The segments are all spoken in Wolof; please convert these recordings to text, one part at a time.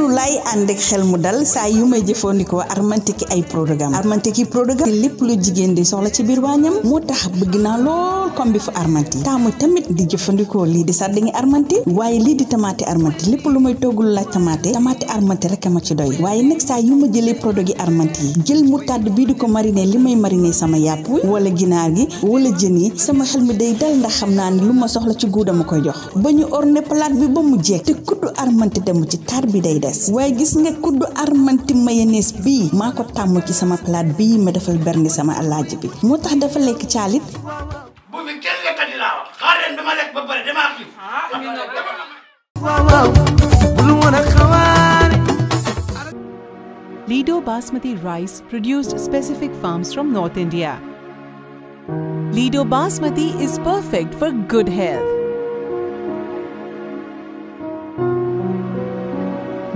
nu lay ànd xel mu dal sa yu may jëfandikoo armantiki ay programme armantiki programme lepp lu jigen di soxla ci bir wañam moo tax bëgg na lool comme bi fu armanti tamu tamit di jëfandikoo li di sardingi armanti waye li di tamati armanti lepp lu may togul la tamati tamati armanti rek ma ci doy waye nag sa yu ma jëlee produit armanti jël mu tad bi di ko mariner li may mariner sama yapu wala ginaar gi wala jën yi sama xel mi day dal ndax xamna ni lu ma soxla ci guudama koy jox bañu orné orne bi ba mu jek te kuddu armanti dem ci tar bi day gis nga kuddu armanti mayonnaise ci sama ma defal sama bi dafa bu wax ba dama Lido basmati rice produced specific farms from North India. Lido basmati is perfect for good health.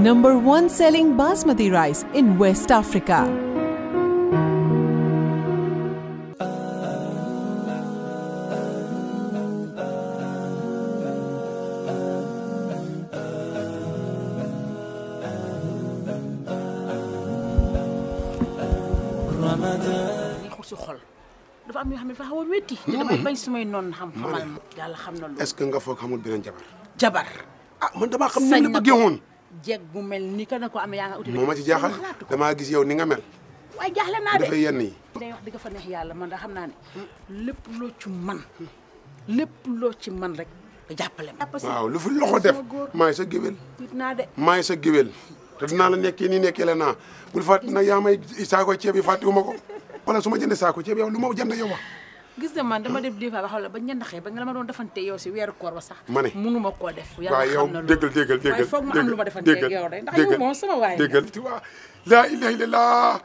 number one selling basmati rice in West Africa. est-ce que jabar. jabar. ah jeeg bu mel ni que na ko am yaa nga uti. moo ma si jaaxal damaa gis yow ni nga mel. waaye jaaxle naa yenn yi. day wax dëgg fa yàlla man da xam naa ne lépp loo ci man lépp loo ci man rek jàppale ma. waaw lu fi loxo def maay sa géwél. tuuti naa de maay sa géwél. te naa la nekkee nii nekkee la naa bul fàtt nag yaa may saako ceeb fa fàttiwu ma ko wala su ma jëndee saako ceeb yow lu ma jënd yow wax. gis na man dama def des fois waxal la ba ñenn xëy ba nga doon defante yow si weeru koor ba sax. ma ne mënuma koo def. yàlla xam na loolu waaw yow déggal déggal déggal waaye ma am laa ilaha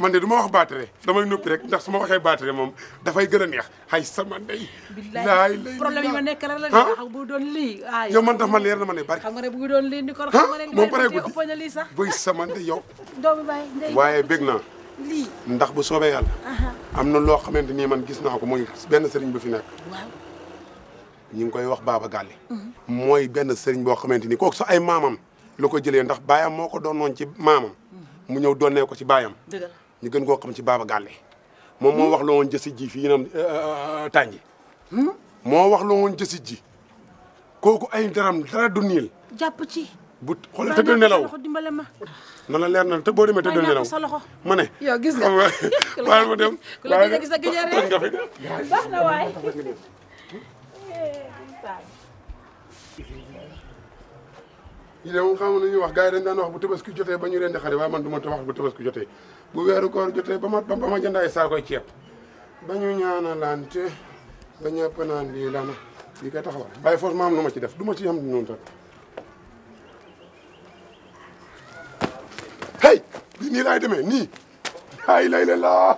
man de du wax baatare damay noppi rek ndax su ma waxee baatare moom dafay gën a neex ay sama ndey. billaay problème yi ma nekk la la de xam bu doon lii. yow man man leer na ma ne bari. xam nga ne doon lii ni ko ka nga ne moom pareegu sax. bëy sama ndey yow. waaye bég naa. ndax bu soobee yàlla. am na loo xamante ni man gis naa ko mooy benn sëriñ bu fi nekk. waaw ñu ngi koy wax Baba Galle. Mhm. mooy benn sëriñ boo xamante ni kooku sax ay maamam loo ko jëlee ndax baayam moo ko doon doonoon ci maamam. Mhm. mu ñëw doonee ko ci baayam. ñu gën koo xam ci Baba Galle. moom moo mhm. wax la woon jësi ji fii nam eh, eh, eh, tànji. moo wax la woon jësi ji kooku ay daram dara du jàpp ci. bu xoolal tëddal nelaw na la leer na te boo demee tëddal nelaw ma ne. yow gis nga baal ma dem baal nga toj nga fi. baax na xam na ñuy wax gars yi dañ daan wax bu tabaski jotee ba ñu rendi xar yi waaye man du ma wax ba tabaski jotee bu weeru koor jotee ba ma ba ma jënd ay saakoy ceeb ba ñu ñaanalante ba ñëpp naan lii lana lii koy taxawal maam foofu ma am ci def du ma ci am noonu tam nii laay demee nii ay lay la laa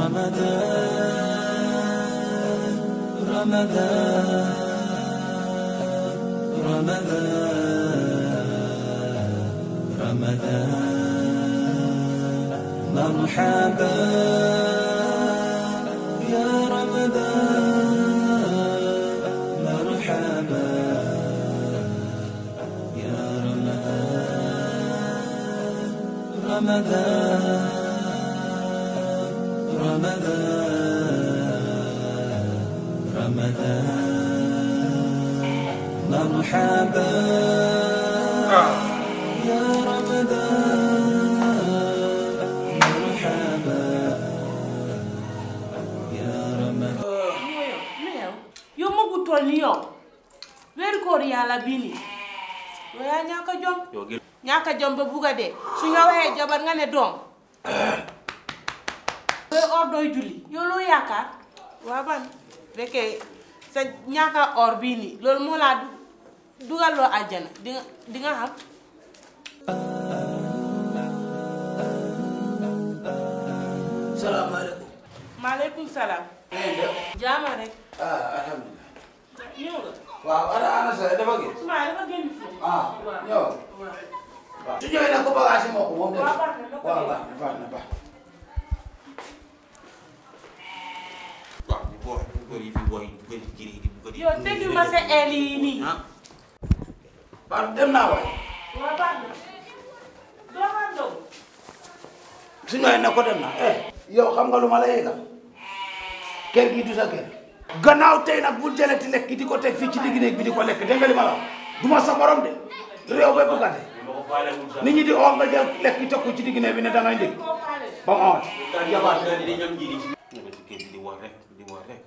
رمضان رمضان رمضان رمضان مرحبا يا رمضان مرحبا يا رمضان رمضان رمضان رمضان مرحبا wor yalla bini do ya ñaka jom yo gel ñaka jom ba buga de su ñawé jabar nga ne dom do or doy julli yo lo yaakar wa ban reke sa ñaka or bini lol mo la dugal lo aljana di nga xam salam Waalaikumsalam. Iya. maaleykum ah alhamdulillah ñew iya, waaw ana ana sa dafa génn. waaw dafa génn fii. ah ñëw. waaw su ñëwee nag ko bagage yi moo ko moom. waaw baax na waaw baax na baax na baax. waaw bu boobaa bu bëri bi booy bu bëri jëriñ bi bu bëri. yow dégg ma sa aile yi nii. ah. waaw dem naa waay. waaw baax na. doo ma doon. su ñëwee nag ko dem na eh. yow xam nga lu ma la yëgal. kër gi du sa kër. gannaaw tey nag bu jëlee ti lekk di ko teg fii ci digg néeg bi di ko lekk dégg nga li ma la wax du ma sa morom de réew bay bëggante ñi di oom nga lekk teg ko ci digg néeg bi ne danañ dégg ba mu awaat. yabaat nga ni di wax rek di wax rek.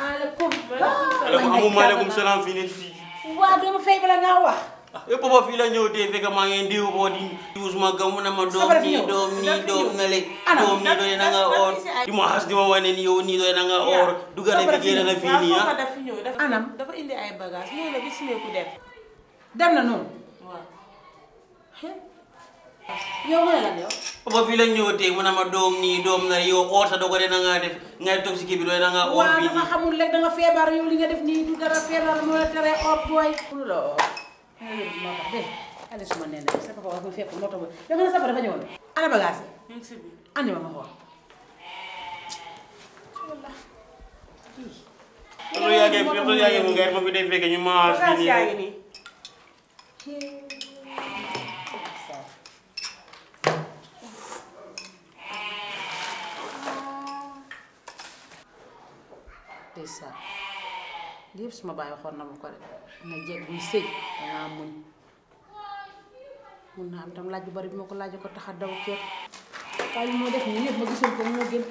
maaleykum salaam. maaleykum salaam fii ne. waaw wax. yëpp boobu fii la ñëw tey fekk maa ma doom nii doom na le yow nii la gis sa dogo de na nga def ngay toog si kii bi doy na nga oor fii waaw xamul rek da feebar yow li nga def nii du dara feebar moo tere oor booy yëngu maa tax dégg nga allé suma nee na sa papa wax ma fekk moo tax ma yow nga ne sa papa dafa ñëwoon. ana bagage yi. merci beaucoup andi ma ma xool. loolu yaa ngi loolu yaa ngi mu ngeer boobu day fekk ñu maas ñu nii. yaa ngi nii. ndeysaan. lepp suma bàyyi waxon na ma ko rek na jeeg buy sëy dangaa muñ mun na am tam laaj bu bari bi ma ko laajee ko tax a daw kër waaye li def ni lepp ma gisul ko mo gën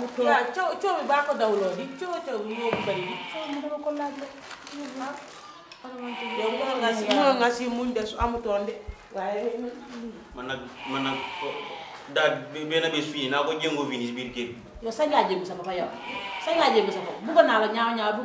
mu toog waaw coow coow bi ba ko daw lo di ciow ciow mo moo ko bari di ciow ma dama ko laaj la yow mënoon nga si nga si muñ de su amutoon de waye man nak man nak da benn bes fi na ko jengo vinis bir si yo sa yow sañ sa papa yo sa ngaa jéngu sa papa bu ko na la ñaaw ñaaw bu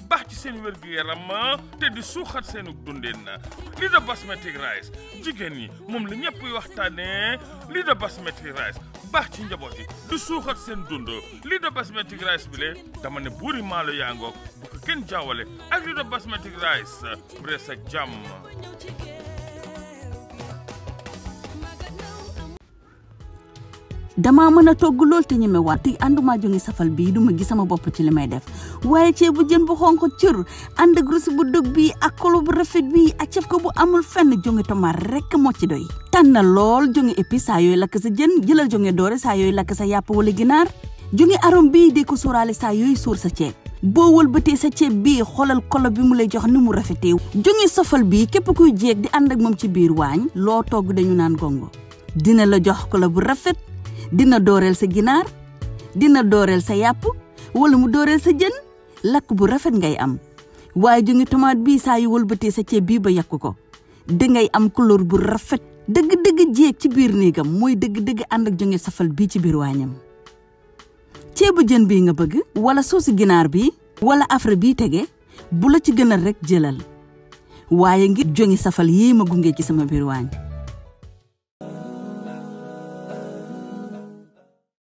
ci seen wergu yaram te di suxat seenu dundin li da basmati rice jigen ni mom la ñëpp waxtane li da basmati rice bax ci njabot yi di suxat seen dund li da basmati rice bi le dama ne buri malo yaa ngoog bu ko ken jawale ak li da basmati rice rees ak Dama damaa mën togg lol te ñeme wat te anduma jóge safal bi, duma gi sama bop ci limay def ci bu jeun bu xonko ciur and ak bu dog bi ak kolo bu rafet bi ak caf ko bu amul fenn jonge tomate rek mo ci doy na lol jonge epi sa yoy lak sa jeun jonge doore sa yoy lak sa yap wala ginar jonge arom bi de ko sóoraale sa yoy suur sa bo wol sa ci bi xolal kolo bi mu lay jox ni mu rafetee jongi sofal bi kep kuy jeeg di and ak mom ci biir waañ loo togg dañu nan gongo dina la jox kolo bu rafet dina dorel sa ginar dina dorel sa yap wala mu dorel sa jeun lakk bu rafet ngay am waaye ju ngi bi bii saa sa ceeb bi ba yàq ko di ngay am couleur bu rafet dëgg-dëgg jeeg ci biir néegam mooy dëgg-dëgg ànd ak jonge safal bii ci biir waañam ceebu jën bii nga bëgg wala soosi ginaar bi wala afra bii tege bu la ci gënal rek jëlal waaye ngi jonge safal yéema gunge ci sama biir waañ